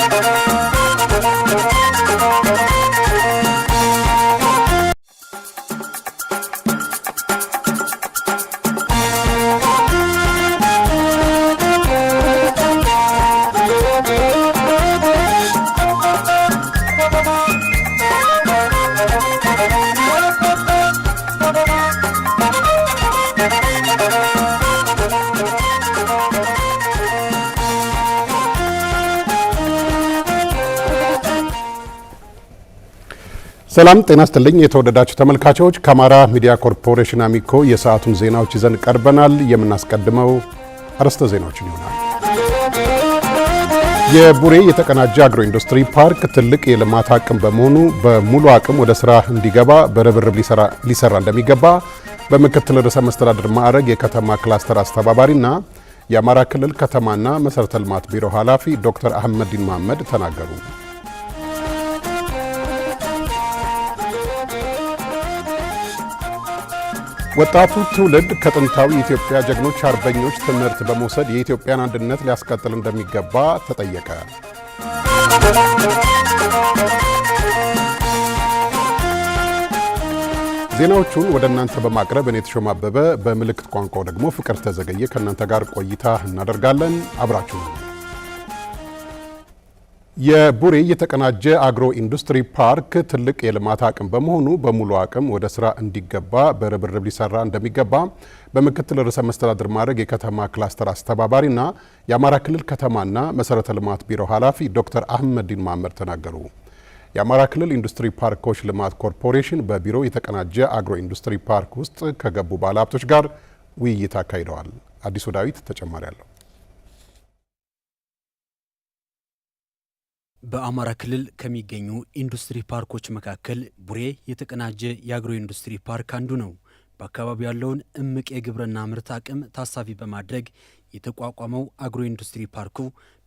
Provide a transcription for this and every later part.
Thank you. ሰላም ጤና ስትልኝ የተወደዳችሁ ተመልካቾች ከአማራ ሚዲያ ኮርፖሬሽን አሚኮ የሰዓቱን ዜናዎች ይዘን ቀርበናል። የምናስቀድመው አርዕስተ ዜናዎችን ይሆናል። የቡሬ የተቀናጀ አግሮ ኢንዱስትሪ ፓርክ ትልቅ የልማት አቅም በመሆኑ በሙሉ አቅም ወደ ስራ እንዲገባ በርብርብ ሊሰራ እንደሚገባ በምክትል ርዕሰ መስተዳድር ማዕረግ የከተማ ክላስተር አስተባባሪና የአማራ ክልል ከተማና መሠረተ ልማት ቢሮ ኃላፊ ዶክተር አህመዲን መሐመድ ተናገሩ። ወጣቱ ትውልድ ከጥንታዊ የኢትዮጵያ ጀግኖች አርበኞች ትምህርት በመውሰድ የኢትዮጵያን አንድነት ሊያስቀጥል እንደሚገባ ተጠየቀ። ዜናዎቹን ወደ እናንተ በማቅረብ እኔ ተሾም አበበ፣ በምልክት ቋንቋው ደግሞ ፍቅር ተዘገየ ከእናንተ ጋር ቆይታ እናደርጋለን። አብራችሁ የቡሬ የተቀናጀ አግሮ ኢንዱስትሪ ፓርክ ትልቅ የልማት አቅም በመሆኑ በሙሉ አቅም ወደ ስራ እንዲገባ በርብርብ ሊሰራ እንደሚገባ በምክትል ርዕሰ መስተዳድር ማዕረግ የከተማ ክላስተር አስተባባሪና የአማራ ክልል ከተማና መሰረተ ልማት ቢሮ ኃላፊ ዶክተር አህመዲን ማመር ተናገሩ። የአማራ ክልል ኢንዱስትሪ ፓርኮች ልማት ኮርፖሬሽን በቢሮ የተቀናጀ አግሮ ኢንዱስትሪ ፓርክ ውስጥ ከገቡ ባለሀብቶች ጋር ውይይት አካሂደዋል። አዲሱ ዳዊት ተጨማሪ አለው። በአማራ ክልል ከሚገኙ ኢንዱስትሪ ፓርኮች መካከል ቡሬ የተቀናጀ የአግሮ ኢንዱስትሪ ፓርክ አንዱ ነው። በአካባቢው ያለውን እምቅ የግብርና ምርት አቅም ታሳቢ በማድረግ የተቋቋመው አግሮ ኢንዱስትሪ ፓርኩ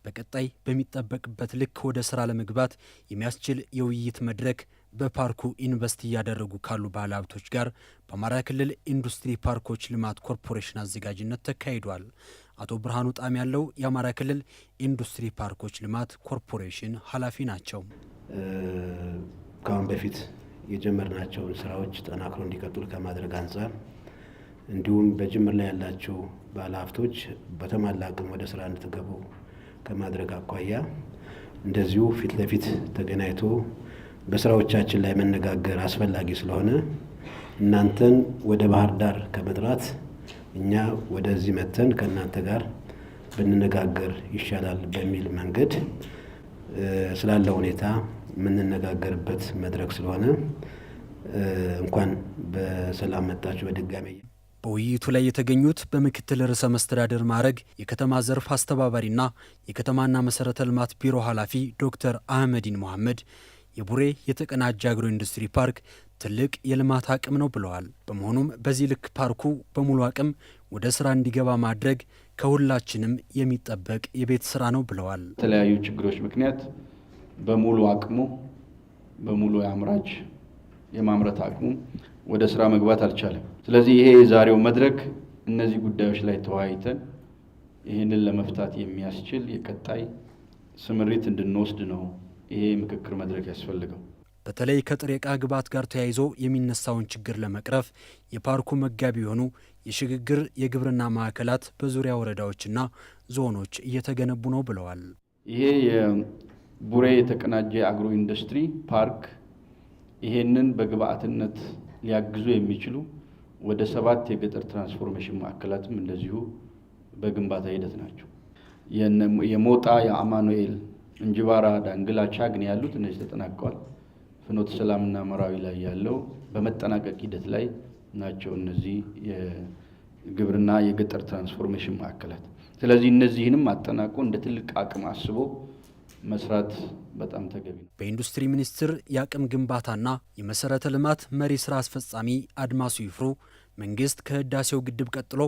በቀጣይ በሚጠበቅበት ልክ ወደ ስራ ለመግባት የሚያስችል የውይይት መድረክ በፓርኩ ኢንቨስት እያደረጉ ካሉ ባለሀብቶች ጋር በአማራ ክልል ኢንዱስትሪ ፓርኮች ልማት ኮርፖሬሽን አዘጋጅነት ተካሂዷል። አቶ ብርሃኑ ጣም ያለው የአማራ ክልል ኢንዱስትሪ ፓርኮች ልማት ኮርፖሬሽን ኃላፊ ናቸው። ከአሁን በፊት የጀመርናቸውን ስራዎች ጠናክሮ እንዲቀጥሉ ከማድረግ አንጻር እንዲሁም በጅምር ላይ ያላቸው ባለሀብቶች በተሟላ አቅም ወደ ስራ እንድትገቡ ከማድረግ አኳያ እንደዚሁ ፊት ለፊት ተገናኝቶ በስራዎቻችን ላይ መነጋገር አስፈላጊ ስለሆነ እናንተን ወደ ባህር ዳር ከመጥራት እኛ ወደዚህ መተን ከእናንተ ጋር ብንነጋገር ይሻላል በሚል መንገድ ስላለ ሁኔታ የምንነጋገርበት መድረክ ስለሆነ እንኳን በሰላም መጣችሁ በድጋሚ። በውይይቱ ላይ የተገኙት በምክትል ርዕሰ መስተዳደር ማዕረግ የከተማ ዘርፍ አስተባባሪና የከተማና መሰረተ ልማት ቢሮ ኃላፊ ዶክተር አህመዲን መሐመድ የቡሬ የተቀናጀ አግሮ ኢንዱስትሪ ፓርክ ትልቅ የልማት አቅም ነው ብለዋል። በመሆኑም በዚህ ልክ ፓርኩ በሙሉ አቅም ወደ ስራ እንዲገባ ማድረግ ከሁላችንም የሚጠበቅ የቤት ስራ ነው ብለዋል። የተለያዩ ችግሮች ምክንያት በሙሉ አቅሙ በሙሉ የአምራች የማምረት አቅሙ ወደ ስራ መግባት አልቻለም። ስለዚህ ይሄ የዛሬው መድረክ እነዚህ ጉዳዮች ላይ ተወያይተን ይህንን ለመፍታት የሚያስችል የቀጣይ ስምሪት እንድንወስድ ነው ይሄ ምክክር መድረክ ያስፈልገው። በተለይ ከጥሬ ዕቃ ግብዓት ጋር ተያይዞ የሚነሳውን ችግር ለመቅረፍ የፓርኩ መጋቢ የሆኑ የሽግግር የግብርና ማዕከላት በዙሪያ ወረዳዎችና ዞኖች እየተገነቡ ነው ብለዋል። ይሄ የቡሬ የተቀናጀ አግሮ ኢንዱስትሪ ፓርክ ይሄንን በግብዓትነት ሊያግዙ የሚችሉ ወደ ሰባት የገጠር ትራንስፎርሜሽን ማዕከላትም እንደዚሁ በግንባታ ሂደት ናቸው። የሞጣ፣ የአማኑኤል፣ እንጅባራ፣ ዳንግላ፣ ቻግኒ ያሉት እነዚህ ተጠናቀዋል። ፍኖት ሰላምና መራዊ ላይ ያለው በመጠናቀቅ ሂደት ላይ ናቸው። እነዚህ የግብርና የገጠር ትራንስፎርሜሽን ማዕከላት። ስለዚህ እነዚህንም አጠናቆ እንደ ትልቅ አቅም አስቦ መስራት በጣም ተገቢ ነው። በኢንዱስትሪ ሚኒስቴር የአቅም ግንባታና የመሰረተ ልማት መሪ ስራ አስፈጻሚ አድማሱ ይፍሩ መንግስት ከህዳሴው ግድብ ቀጥሎ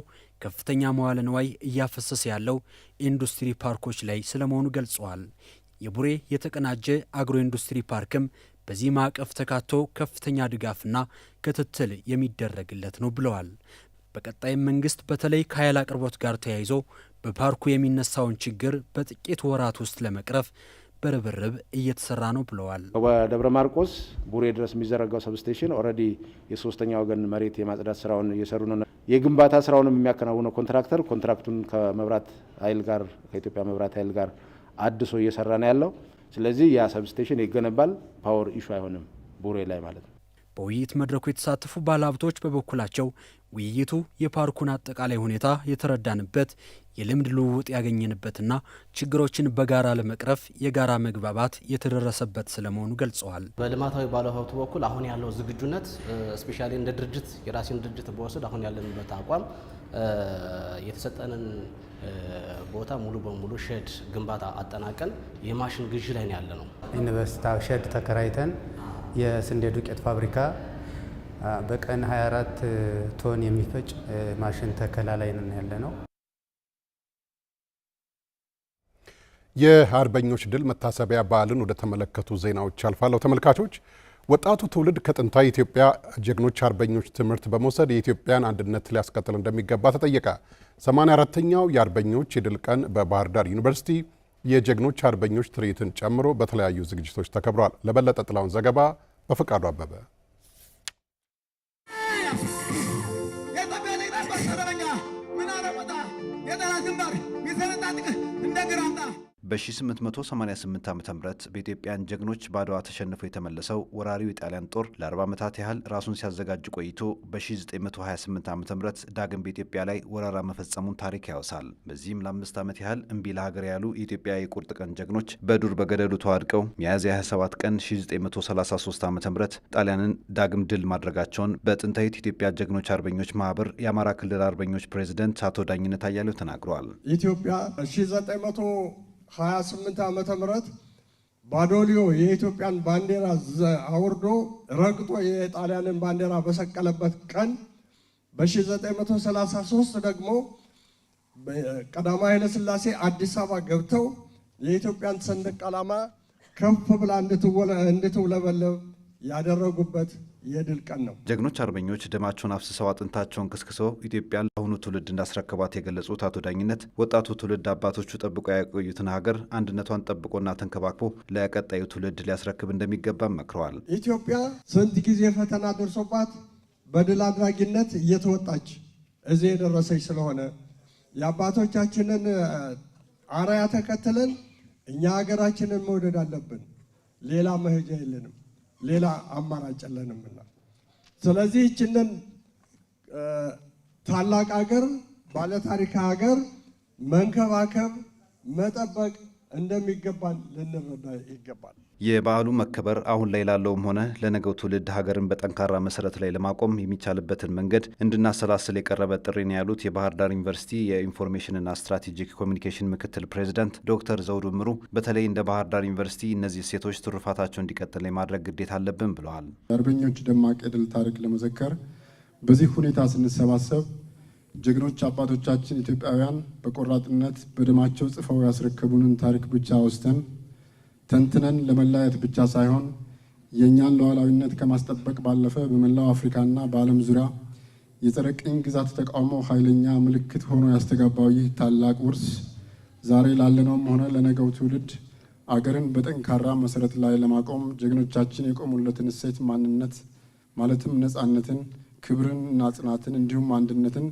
ከፍተኛ መዋለ ንዋይ እያፈሰሰ ያለው ኢንዱስትሪ ፓርኮች ላይ ስለመሆኑ ገልጸዋል። የቡሬ የተቀናጀ አግሮ ኢንዱስትሪ ፓርክም በዚህ ማዕቀፍ ተካቶ ከፍተኛ ድጋፍና ክትትል የሚደረግለት ነው ብለዋል። በቀጣይ መንግስት በተለይ ከኃይል አቅርቦት ጋር ተያይዞ በፓርኩ የሚነሳውን ችግር በጥቂት ወራት ውስጥ ለመቅረፍ በርብርብ እየተሰራ ነው ብለዋል። በደብረ ማርቆስ ቡሬ ድረስ የሚዘረጋው ሰብስቴሽን ኦልሬዲ የሶስተኛ ወገን መሬት የማጽዳት ስራውን እየሰሩ ነው። የግንባታ ስራውንም የሚያከናውነው ኮንትራክተር ኮንትራክቱን ከመብራት ኃይል ጋር ከኢትዮጵያ መብራት ኃይል ጋር አድሶ እየሰራ ነው ያለው። ስለዚህ ያ ሰብስቴሽን ይገነባል። ፓወር ኢሹ አይሆንም ቡሬ ላይ ማለት ነው። በውይይት መድረኩ የተሳተፉ ባለሀብቶች በበኩላቸው ውይይቱ የፓርኩን አጠቃላይ ሁኔታ የተረዳንበት የልምድ ልውውጥ ያገኘንበትና ችግሮችን በጋራ ለመቅረፍ የጋራ መግባባት የተደረሰበት ስለመሆኑ ገልጸዋል። በልማታዊ ባለሀብቱ በኩል አሁን ያለው ዝግጁነት ስፔሻሊ እንደ ድርጅት የራሴን ድርጅት በወሰድ አሁን ያለንበት አቋም የተሰጠንን ቦታ ሙሉ በሙሉ ሸድ ግንባታ አጠናቀን የማሽን ግዢ ላይ ነው ያለ ነው። ኢንቨስታ ሸድ ተከራይተን የስንዴ ዱቄት ፋብሪካ በቀን 24 ቶን የሚፈጭ ማሽን ተከላ ላይ ነን ያለ ነው። የአርበኞች ድል መታሰቢያ በዓልን ወደ ተመለከቱ ዜናዎች አልፋለሁ ተመልካቾች። ወጣቱ ትውልድ ከጥንታዊ ኢትዮጵያ ጀግኖች አርበኞች ትምህርት በመውሰድ የኢትዮጵያን አንድነት ሊያስቀጥል እንደሚገባ ተጠየቀ። 84ተኛው የአርበኞች የድል ቀን በባህር ዳር ዩኒቨርሲቲ የጀግኖች አርበኞች ትርኢትን ጨምሮ በተለያዩ ዝግጅቶች ተከብሯል። ለበለጠ ጥላውን ዘገባ በፈቃዱ አበበ በ1888 ዓ ም በኢትዮጵያን ጀግኖች በአድዋ ተሸንፎ የተመለሰው ወራሪው የጣሊያን ጦር ለ40 ዓመታት ያህል ራሱን ሲያዘጋጅ ቆይቶ በ1928 ዓ ም ዳግም በኢትዮጵያ ላይ ወረራ መፈጸሙን ታሪክ ያወሳል። በዚህም ለአምስት ዓመት ያህል እምቢ ለሀገር ያሉ የኢትዮጵያ የቁርጥ ቀን ጀግኖች በዱር በገደሉ ተዋድቀው ሚያዝያ 27 ቀን 1933 ዓ ም ጣሊያንን ዳግም ድል ማድረጋቸውን በጥንታዊት ኢትዮጵያ ጀግኖች አርበኞች ማህበር የአማራ ክልል አርበኞች ፕሬዚደንት አቶ ዳኝነት አያሌው ተናግረዋል። ኢትዮጵያ 28 ዓመተ ምህረት ባዶሊዮ የኢትዮጵያን ባንዲራ አውርዶ ረግጦ የጣሊያንን ባንዲራ በሰቀለበት ቀን በ1933 ደግሞ ቀዳማዊ ኃይለሥላሴ አዲስ አበባ ገብተው የኢትዮጵያን ሰንደቅ ዓላማ ከፍ ብላ እንድትውለበለብ ያደረጉበት የድል ቀን ነው። ጀግኖች አርበኞች ደማቸውን አፍስሰው አጥንታቸውን ክስክሰው ኢትዮጵያን ለአሁኑ ትውልድ እንዳስረከቧት የገለጹት አቶ ዳኝነት ወጣቱ ትውልድ አባቶቹ ጠብቆ ያቆዩትን ሀገር አንድነቷን ጠብቆና ተንከባክቦ ለቀጣዩ ትውልድ ሊያስረክብ እንደሚገባም መክረዋል። ኢትዮጵያ ስንት ጊዜ ፈተና ደርሶባት በድል አድራጊነት እየተወጣች እዚህ የደረሰች ስለሆነ የአባቶቻችንን አርአያ ተከትለን እኛ ሀገራችንን መውደድ አለብን። ሌላ መሄጃ የለንም። ሌላ አማራጭ የለንምና፣ ስለዚህ ይችንን ታላቅ ሀገር ባለታሪክ ሀገር መንከባከብ፣ መጠበቅ እንደሚገባን ልንረዳ ይገባል። የበዓሉ መከበር አሁን ላይ ላለውም ሆነ ለነገው ትውልድ ሀገርን በጠንካራ መሰረት ላይ ለማቆም የሚቻልበትን መንገድ እንድናሰላስል የቀረበ ጥሪ ነው ያሉት የባህር ዳር ዩኒቨርሲቲ የኢንፎርሜሽንና ስትራቴጂክ ኮሚኒኬሽን ምክትል ፕሬዚዳንት ዶክተር ዘውዱ ምሩ። በተለይ እንደ ባህር ዳር ዩኒቨርሲቲ እነዚህ ሴቶች ትሩፋታቸው እንዲቀጥል የማድረግ ግዴታ አለብን ብለዋል። አርበኞች ደማቅ የድል ታሪክ ለመዘከር በዚህ ሁኔታ ስንሰባሰብ ጀግኖች አባቶቻችን ኢትዮጵያውያን በቆራጥነት በደማቸው ጽፈው ያስረከቡንን ታሪክ ብቻ ወስተን ተንትነን ለመለያየት ብቻ ሳይሆን የእኛን ሉዓላዊነት ከማስጠበቅ ባለፈ በመላው አፍሪካና በዓለም ዙሪያ የጸረ ቅኝ ግዛት ተቃውሞ ኃይለኛ ምልክት ሆኖ ያስተጋባው ይህ ታላቅ ውርስ ዛሬ ላለነውም ሆነ ለነገው ትውልድ አገርን በጠንካራ መሰረት ላይ ለማቆም ጀግኖቻችን የቆሙለትን እሴት ማንነት ማለትም ነፃነትን፣ ክብርን እና ጽናትን እንዲሁም አንድነትን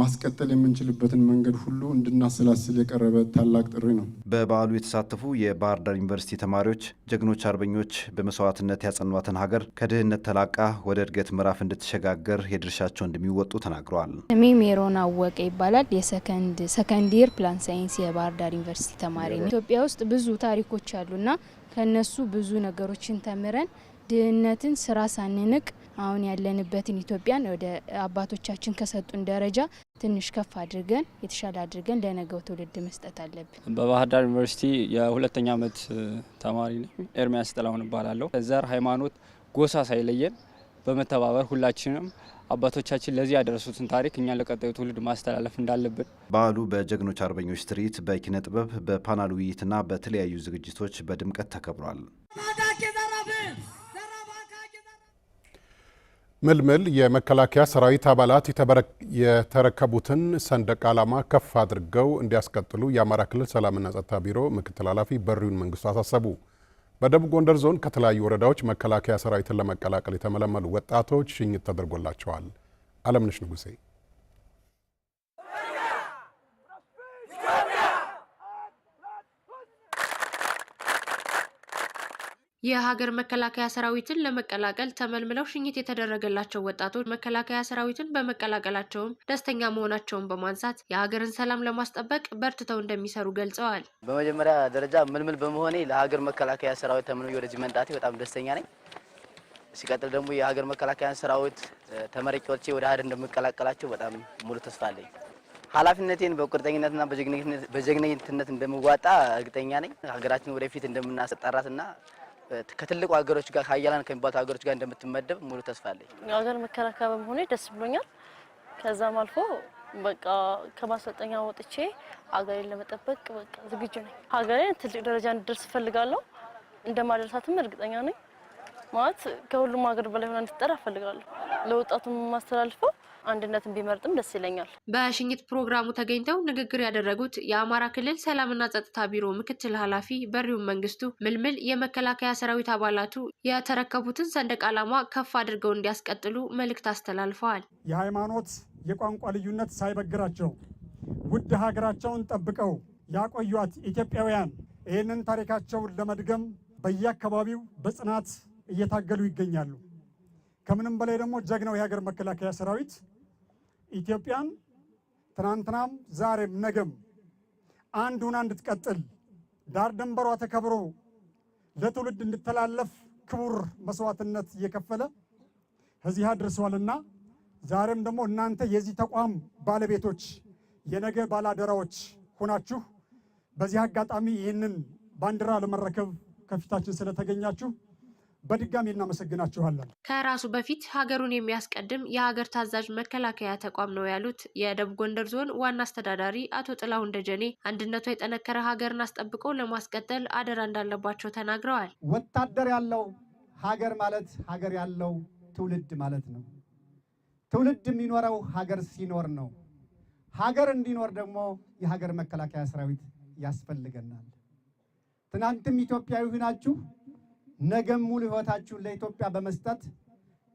ማስቀጠል የምንችልበትን መንገድ ሁሉ እንድናሰላስል የቀረበ ታላቅ ጥሪ ነው። በበዓሉ የተሳተፉ የባህር ዳር ዩኒቨርሲቲ ተማሪዎች ጀግኖች አርበኞች በመስዋዕትነት ያጸኗትን ሀገር ከድህነት ተላቃ ወደ እድገት ምዕራፍ እንድትሸጋገር የድርሻቸው እንደሚወጡ ተናግረዋል። ስሜ ሜሮን አወቀ ይባላል። የሰከንድ ሰከንድ ኢየር ፕላን ሳይንስ የባህር ዳር ዩኒቨርሲቲ ተማሪ ነው። ኢትዮጵያ ውስጥ ብዙ ታሪኮች አሉና ከነሱ ብዙ ነገሮችን ተምረን ድህነትን ስራ ሳንንቅ አሁን ያለንበትን ኢትዮጵያን ወደ አባቶቻችን ከሰጡን ደረጃ ትንሽ ከፍ አድርገን የተሻለ አድርገን ለነገው ትውልድ መስጠት አለብን። በባህር ዳር ዩኒቨርሲቲ የሁለተኛ ዓመት ተማሪ ነኝ። ኤርሚያስ ጥላሁን እባላለሁ። ዘር፣ ሃይማኖት፣ ጎሳ ሳይለየን በመተባበር ሁላችንም አባቶቻችን ለዚህ ያደረሱትን ታሪክ እኛ ለቀጣዩ ትውልድ ማስተላለፍ እንዳለብን በዓሉ በጀግኖች አርበኞች ትርኢት፣ በኪነ ጥበብ፣ በፓናል ውይይትና በተለያዩ ዝግጅቶች በድምቀት ተከብሯል። ምልምል የመከላከያ ሰራዊት አባላት የተረከቡትን ሰንደቅ ዓላማ ከፍ አድርገው እንዲያስቀጥሉ የአማራ ክልል ሰላምና ጸጥታ ቢሮ ምክትል ኃላፊ በሪውን መንግስቱ አሳሰቡ። በደቡብ ጎንደር ዞን ከተለያዩ ወረዳዎች መከላከያ ሰራዊትን ለመቀላቀል የተመለመሉ ወጣቶች ሽኝት ተደርጎላቸዋል። አለምነሽ ንጉሴ የሀገር መከላከያ ሰራዊትን ለመቀላቀል ተመልምለው ሽኝት የተደረገላቸው ወጣቶች መከላከያ ሰራዊትን በመቀላቀላቸውም ደስተኛ መሆናቸውን በማንሳት የሀገርን ሰላም ለማስጠበቅ በርትተው እንደሚሰሩ ገልጸዋል። በመጀመሪያ ደረጃ ምልምል በመሆኔ ለሀገር መከላከያ ሰራዊት ተመልምዬ ወደዚህ መምጣቴ በጣም ደስተኛ ነኝ። ሲቀጥል ደግሞ የሀገር መከላከያ ሰራዊት ተመራቂዎቼ ወደ ሀገር እንደምቀላቀላቸው በጣም ሙሉ ተስፋ አለኝ። ኃላፊነቴን በቁርጠኝነትና በጀግንነት እንደምዋጣ እርግጠኛ ነኝ። ሀገራችን ወደፊት እንደምናስጠራትና ከትልቁ ሀገሮች ጋር ከአያላን ከሚባሉት ሀገሮች ጋር እንደምትመደብ ሙሉ ተስፋ አለኝ። የሀገር መከላከያ በመሆኔ ደስ ብሎኛል። ከዛም አልፎ በቃ ከማሰልጠኛ ወጥቼ ሀገሬን ለመጠበቅ በቃ ዝግጁ ነኝ። ሀገሬን ትልቅ ደረጃ እንድደርስ እፈልጋለሁ። እንደማደርሳትም እርግጠኛ ነኝ። ማለት ከሁሉም ሀገር በላይ ሆና እንድትጠራ እፈልጋለሁ። ለወጣቱም የማስተላልፈው አንድነትን ቢመርጥም ደስ ይለኛል። በሽኝት ፕሮግራሙ ተገኝተው ንግግር ያደረጉት የአማራ ክልል ሰላምና ጸጥታ ቢሮ ምክትል ኃላፊ በሪውን መንግስቱ ምልምል የመከላከያ ሰራዊት አባላቱ የተረከቡትን ሰንደቅ ዓላማ ከፍ አድርገው እንዲያስቀጥሉ መልእክት አስተላልፈዋል። የሃይማኖት የቋንቋ ልዩነት ሳይበግራቸው ውድ ሀገራቸውን ጠብቀው ያቆዩት ኢትዮጵያውያን ይህንን ታሪካቸውን ለመድገም በየአካባቢው በጽናት እየታገሉ ይገኛሉ። ከምንም በላይ ደግሞ ጀግናው የሀገር መከላከያ ሰራዊት ኢትዮጵያን ትናንትናም ዛሬም ነገም አንድ ሁና እንድትቀጥል ዳር ድንበሯ ተከብሮ ለትውልድ እንድተላለፍ ክቡር መስዋዕትነት እየከፈለ እዚህ አድርሷልና ዛሬም ደግሞ እናንተ የዚህ ተቋም ባለቤቶች የነገ ባላደራዎች ሆናችሁ በዚህ አጋጣሚ ይህንን ባንዲራ ለመረከብ ከፊታችን ስለተገኛችሁ በድጋሚ እናመሰግናችኋለን። ከራሱ በፊት ሀገሩን የሚያስቀድም የሀገር ታዛዥ መከላከያ ተቋም ነው ያሉት የደቡብ ጎንደር ዞን ዋና አስተዳዳሪ አቶ ጥላሁን ደጀኔ አንድነቷ የጠነከረ ሀገርን አስጠብቆ ለማስቀጠል አደራ እንዳለባቸው ተናግረዋል። ወታደር ያለው ሀገር ማለት ሀገር ያለው ትውልድ ማለት ነው። ትውልድ የሚኖረው ሀገር ሲኖር ነው። ሀገር እንዲኖር ደግሞ የሀገር መከላከያ ሰራዊት ያስፈልገናል። ትናንትም ኢትዮጵያዊ ናችሁ ነገም ሙሉ ህይወታችሁን ለኢትዮጵያ በመስጠት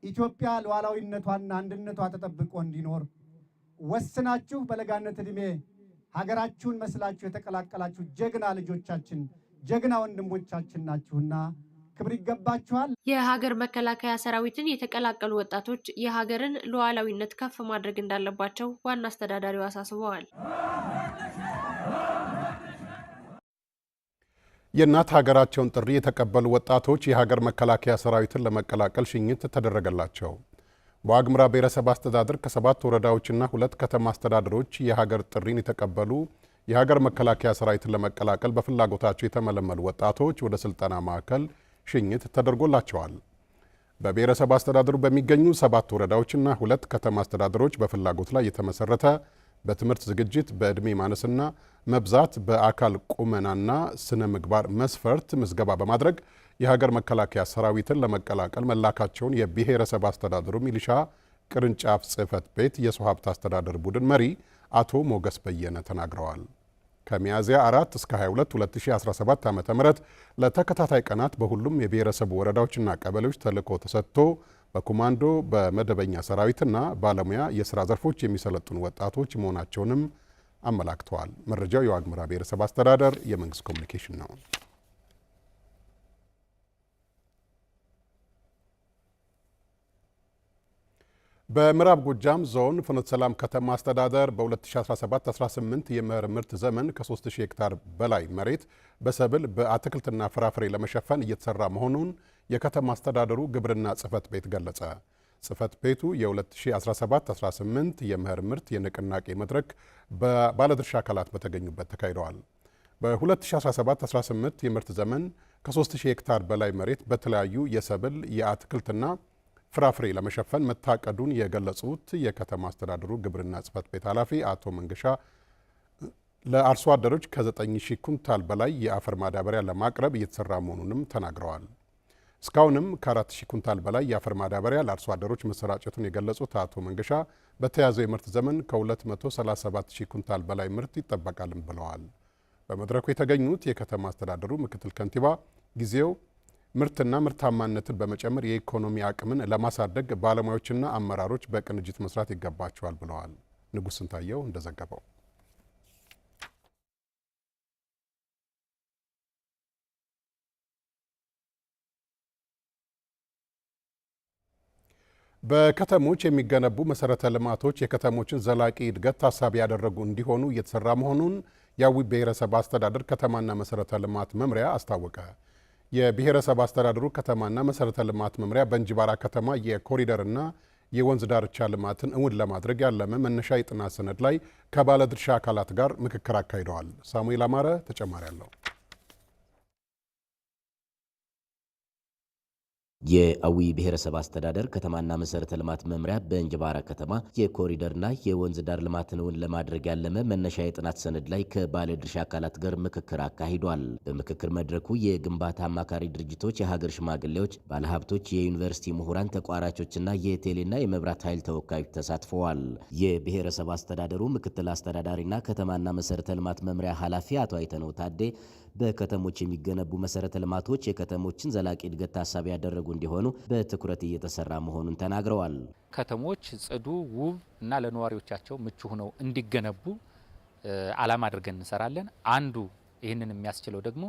ኢትዮጵያ ሉዓላዊነቷና አንድነቷ ተጠብቆ እንዲኖር ወስናችሁ በለጋነት ዕድሜ ሀገራችሁን መስላችሁ የተቀላቀላችሁ ጀግና ልጆቻችን ጀግና ወንድሞቻችን ናችሁና ክብር ይገባችኋል። የሀገር መከላከያ ሰራዊትን የተቀላቀሉ ወጣቶች የሀገርን ሉዓላዊነት ከፍ ማድረግ እንዳለባቸው ዋና አስተዳዳሪው አሳስበዋል። የእናት ሀገራቸውን ጥሪ የተቀበሉ ወጣቶች የሀገር መከላከያ ሰራዊትን ለመቀላቀል ሽኝት ተደረገላቸው። በዋግምራ ብሔረሰብ አስተዳደር ከሰባት ወረዳዎችና ሁለት ከተማ አስተዳደሮች የሀገር ጥሪን የተቀበሉ የሀገር መከላከያ ሰራዊትን ለመቀላቀል በፍላጎታቸው የተመለመሉ ወጣቶች ወደ ስልጠና ማዕከል ሽኝት ተደርጎላቸዋል። በብሔረሰብ አስተዳደሩ በሚገኙ ሰባት ወረዳዎችና ሁለት ከተማ አስተዳደሮች በፍላጎት ላይ የተመሰረተ በትምህርት ዝግጅት፣ በዕድሜ ማነስና መብዛት፣ በአካል ቁመናና ስነ ምግባር መስፈርት ምዝገባ በማድረግ የሀገር መከላከያ ሰራዊትን ለመቀላቀል መላካቸውን የብሔረሰብ አስተዳደሩ ሚሊሻ ቅርንጫፍ ጽህፈት ቤት የሰው ሀብት አስተዳደር ቡድን መሪ አቶ ሞገስ በየነ ተናግረዋል። ከሚያዝያ 4 እስከ 22 2017 ዓ.ም ለተከታታይ ቀናት በሁሉም የብሔረሰቡ ወረዳዎችና ቀበሌዎች ተልዕኮ ተሰጥቶ በኮማንዶ በመደበኛ ሰራዊትና ባለሙያ የስራ ዘርፎች የሚሰለጥኑ ወጣቶች መሆናቸውንም አመላክተዋል። መረጃው የዋግምራ ብሔረሰብ አስተዳደር የመንግስት ኮሚኒኬሽን ነው። በምዕራብ ጎጃም ዞን ፍኖተ ሰላም ከተማ አስተዳደር በ2017/18 የመኸር ምርት ዘመን ከ3000 ሄክታር በላይ መሬት በሰብል በአትክልትና ፍራፍሬ ለመሸፈን እየተሰራ መሆኑን የከተማ አስተዳደሩ ግብርና ጽህፈት ቤት ገለጸ። ጽህፈት ቤቱ የ2017/18 የመኸር ምርት የንቅናቄ መድረክ በባለድርሻ አካላት በተገኙበት ተካሂደዋል። በ2017/18 የምርት ዘመን ከ3000 ሄክታር በላይ መሬት በተለያዩ የሰብል የአትክልትና ፍራፍሬ ለመሸፈን መታቀዱን የገለጹት የከተማ አስተዳደሩ ግብርና ጽህፈት ቤት ኃላፊ አቶ መንገሻ ለአርሶ አደሮች ከ9000 ኩንታል በላይ የአፈር ማዳበሪያ ለማቅረብ እየተሰራ መሆኑንም ተናግረዋል። እስካሁንም ከአራት ሺህ ኩንታል በላይ የአፈር ማዳበሪያ ለአርሶ አደሮች መሰራጨቱን የገለጹት አቶ መንገሻ በተያዘው የምርት ዘመን ከ237 ሺህ ኩንታል በላይ ምርት ይጠበቃልም ብለዋል። በመድረኩ የተገኙት የከተማ አስተዳደሩ ምክትል ከንቲባ ጊዜው ምርትና ምርታማነትን በመጨመር የኢኮኖሚ አቅምን ለማሳደግ ባለሙያዎችና አመራሮች በቅንጅት መስራት ይገባቸዋል ብለዋል። ንጉሥ ስንታየው እንደዘገበው በከተሞች የሚገነቡ መሰረተ ልማቶች የከተሞችን ዘላቂ እድገት ታሳቢ ያደረጉ እንዲሆኑ እየተሰራ መሆኑን የአዊ ብሔረሰብ አስተዳደር ከተማና መሰረተ ልማት መምሪያ አስታወቀ። የብሔረሰብ አስተዳደሩ ከተማና መሰረተ ልማት መምሪያ በእንጅባራ ከተማ የኮሪደርና የወንዝ ዳርቻ ልማትን እውን ለማድረግ ያለመ መነሻ የጥናት ሰነድ ላይ ከባለድርሻ አካላት ጋር ምክክር አካሂደዋል። ሳሙኤል አማረ ተጨማሪ አለው። የአዊ ብሔረሰብ አስተዳደር ከተማና መሰረተ ልማት መምሪያ በእንጅባራ ከተማ የኮሪደርና የወንዝ ዳር ልማትን እውን ለማድረግ ያለመ መነሻ የጥናት ሰነድ ላይ ከባለድርሻ አካላት ጋር ምክክር አካሂዷል። በምክክር መድረኩ የግንባታ አማካሪ ድርጅቶች፣ የሀገር ሽማግሌዎች፣ ባለሀብቶች፣ የዩኒቨርሲቲ ምሁራን፣ ተቋራቾችና የቴሌና የመብራት ኃይል ተወካዮች ተሳትፈዋል። የብሔረሰብ አስተዳደሩ ምክትል አስተዳዳሪና ከተማና መሰረተ ልማት መምሪያ ኃላፊ አቶ አይተነው ታዴ በከተሞች የሚገነቡ መሰረተ ልማቶች የከተሞችን ዘላቂ እድገት ታሳቢ ያደረጉ እንዲሆኑ በትኩረት እየተሰራ መሆኑን ተናግረዋል። ከተሞች ጽዱ፣ ውብ እና ለነዋሪዎቻቸው ምቹ ሆነው እንዲገነቡ አላማ አድርገን እንሰራለን። አንዱ ይህንን የሚያስችለው ደግሞ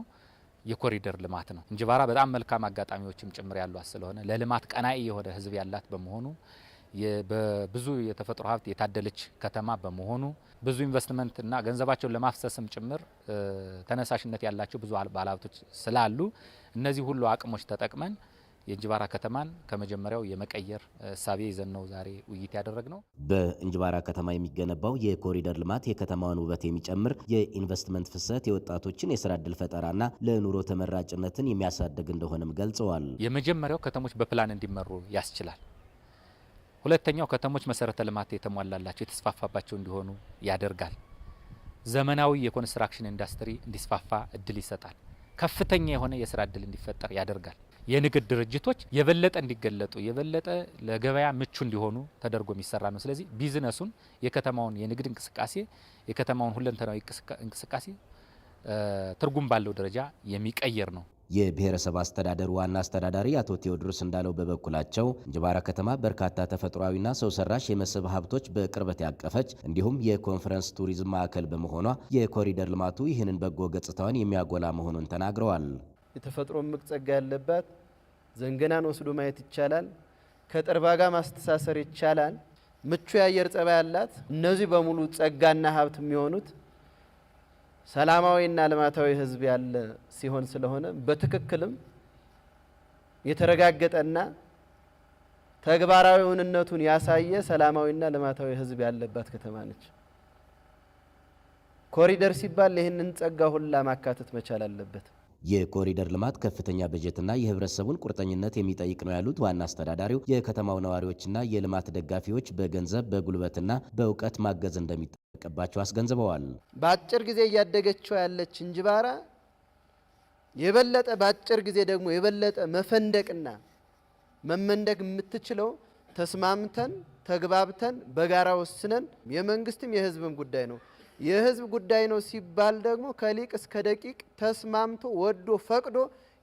የኮሪደር ልማት ነው። እንጅባራ በጣም መልካም አጋጣሚዎችም ጭምር ያሏት ስለሆነ ለልማት ቀናኢ የሆነ ህዝብ ያላት በመሆኑ በብዙ የተፈጥሮ ሀብት የታደለች ከተማ በመሆኑ ብዙ ኢንቨስትመንት እና ገንዘባቸውን ለማፍሰስም ጭምር ተነሳሽነት ያላቸው ብዙ ባለሀብቶች ስላሉ እነዚህ ሁሉ አቅሞች ተጠቅመን የእንጅባራ ከተማን ከመጀመሪያው የመቀየር እሳቤ ይዘን ነው ዛሬ ውይይት ነው። በእንጅባራ ከተማ የሚገነባው የኮሪደር ልማት የከተማዋን ውበት የሚጨምር የኢንቨስትመንት ፍሰት፣ የወጣቶችን የስራ እድል ፈጠራና ለኑሮ ተመራጭነትን የሚያሳድግ እንደሆነም ገልጸዋል። የመጀመሪያው ከተሞች በፕላን እንዲመሩ ያስችላል። ሁለተኛው ከተሞች መሰረተ ልማት የተሟላላቸው የተስፋፋባቸው እንዲሆኑ ያደርጋል። ዘመናዊ የኮንስትራክሽን ኢንዱስትሪ እንዲስፋፋ እድል ይሰጣል። ከፍተኛ የሆነ የስራ እድል እንዲፈጠር ያደርጋል። የንግድ ድርጅቶች የበለጠ እንዲገለጡ የበለጠ ለገበያ ምቹ እንዲሆኑ ተደርጎ የሚሰራ ነው። ስለዚህ ቢዝነሱን የከተማውን የንግድ እንቅስቃሴ የከተማውን ሁለንተናዊ እንቅስቃሴ ትርጉም ባለው ደረጃ የሚቀየር ነው። የብሔረሰብ አስተዳደር ዋና አስተዳዳሪ አቶ ቴዎድሮስ እንዳለው በበኩላቸው እንጅባራ ከተማ በርካታ ተፈጥሯዊና ሰው ሰራሽ የመስህብ ሀብቶች በቅርበት ያቀፈች እንዲሁም የኮንፈረንስ ቱሪዝም ማዕከል በመሆኗ የኮሪደር ልማቱ ይህንን በጎ ገጽታዋን የሚያጎላ መሆኑን ተናግረዋል። የተፈጥሮ እምቅ ጸጋ ያለባት ዘንገናን ወስዶ ማየት ይቻላል። ከጠርባ ጋር ማስተሳሰር ይቻላል። ምቹ የአየር ጸባይ ያላት እነዚህ በሙሉ ጸጋና ሀብት የሚሆኑት ሰላማዊና ልማታዊ ህዝብ ያለ ሲሆን ስለሆነ በትክክልም የተረጋገጠና ተግባራዊ እውንነቱን ያሳየ ሰላማዊና ልማታዊ ህዝብ ያለባት ከተማ ነች። ኮሪደር ሲባል ይህንን ጸጋ ሁላ ማካተት መቻል አለበት። የኮሪደር ልማት ከፍተኛ በጀትና የህብረተሰቡን ቁርጠኝነት የሚጠይቅ ነው ያሉት ዋና አስተዳዳሪው የከተማው ነዋሪዎችና የልማት ደጋፊዎች በገንዘብ በጉልበትና በእውቀት ማገዝ እንደሚጠበቅባቸው አስገንዝበዋል። በአጭር ጊዜ እያደገችው ያለች እንጅባራ የበለጠ በአጭር ጊዜ ደግሞ የበለጠ መፈንደቅና መመንደግ የምትችለው ተስማምተን ተግባብተን በጋራ ወስነን የመንግስትም የህዝብም ጉዳይ ነው። የህዝብ ጉዳይ ነው ሲባል ደግሞ ከሊቅ እስከ ደቂቅ ተስማምቶ ወዶ ፈቅዶ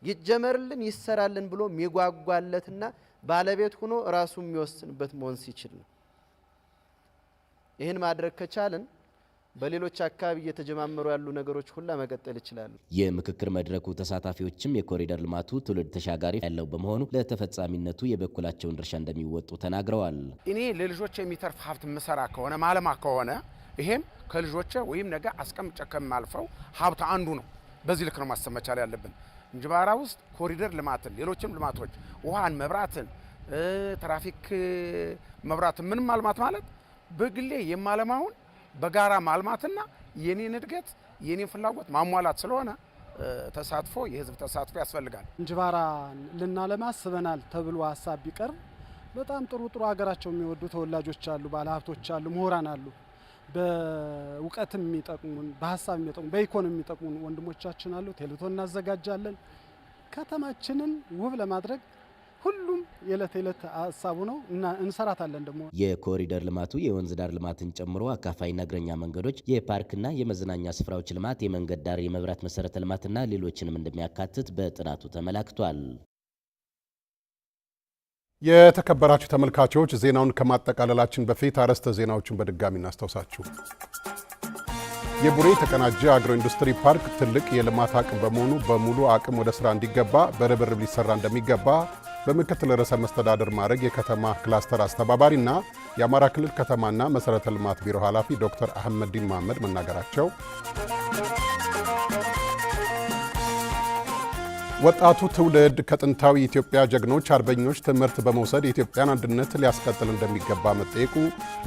ይጀመርልን ይሰራልን ብሎ የሚጓጓለትና ባለቤት ሆኖ ራሱ የሚወስንበት መሆን ሲችል ነው። ይህን ማድረግ ከቻልን በሌሎች አካባቢ እየተጀማመሩ ያሉ ነገሮች ሁላ መቀጠል ይችላሉ። የምክክር መድረኩ ተሳታፊዎችም የኮሪደር ልማቱ ትውልድ ተሻጋሪ ያለው በመሆኑ ለተፈጻሚነቱ የበኩላቸውን ድርሻ እንደሚወጡ ተናግረዋል። እኔ ለልጆች የሚተርፍ ሀብት ምሰራ ከሆነ ማለማ ከሆነ ይሄን ከልጆች ወይም ነገ አስቀምጬ ከማልፈው ሀብት አንዱ ነው። በዚህ ልክ ነው ማሰብ መቻል ያለብን። እንጅባራ ውስጥ ኮሪደር ልማትን፣ ሌሎችም ልማቶች ውሃን፣ መብራትን፣ ትራፊክ መብራትን ምንም ማልማት ማለት በግሌ የማለማውን በጋራ ማልማትና የኔን እድገት የኔን ፍላጎት ማሟላት ስለሆነ ተሳትፎ የህዝብ ተሳትፎ ያስፈልጋል። እንጅባራ ልናለማ አስበናል ተብሎ ሀሳብ ቢቀርብ በጣም ጥሩ ጥሩ ሀገራቸው የሚወዱ ተወላጆች አሉ፣ ባለሀብቶች አሉ፣ ምሁራን አሉ። በእውቀትም የሚጠቅሙን በሀሳብ የሚጠቅሙን በኢኮኖሚ የሚጠቅሙን ወንድሞቻችን አሉ። ቴሌቶን እናዘጋጃለን። ከተማችንን ውብ ለማድረግ ሁሉም የዕለት የዕለት ሀሳቡ ነው እና እንሰራታለን። ደግሞ የኮሪደር ልማቱ የወንዝ ዳር ልማትን ጨምሮ አካፋይና እግረኛ መንገዶች፣ የፓርክና የመዝናኛ ስፍራዎች ልማት፣ የመንገድ ዳር የመብራት መሰረተ ልማትና ሌሎችንም እንደሚያካትት በጥናቱ ተመላክቷል። የተከበራችሁ ተመልካቾች ዜናውን ከማጠቃለላችን በፊት አርዕስተ ዜናዎችን በድጋሚ እናስታውሳችሁ። የቡሬ የተቀናጀ አግሮ ኢንዱስትሪ ፓርክ ትልቅ የልማት አቅም በመሆኑ በሙሉ አቅም ወደ ሥራ እንዲገባ በርብርብ ሊሰራ እንደሚገባ በምክትል ርዕሰ መስተዳደር ማድረግ የከተማ ክላስተር አስተባባሪና የአማራ ክልል ከተማና መሠረተ ልማት ቢሮ ኃላፊ ዶክተር አህመዲን መሐመድ መናገራቸው ወጣቱ ትውልድ ከጥንታዊ ኢትዮጵያ ጀግኖች አርበኞች ትምህርት በመውሰድ የኢትዮጵያን አንድነት ሊያስቀጥል እንደሚገባ መጠየቁ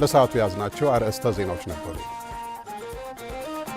ለሰዓቱ የያዝናቸው አርዕስተ ዜናዎች ነበሩ።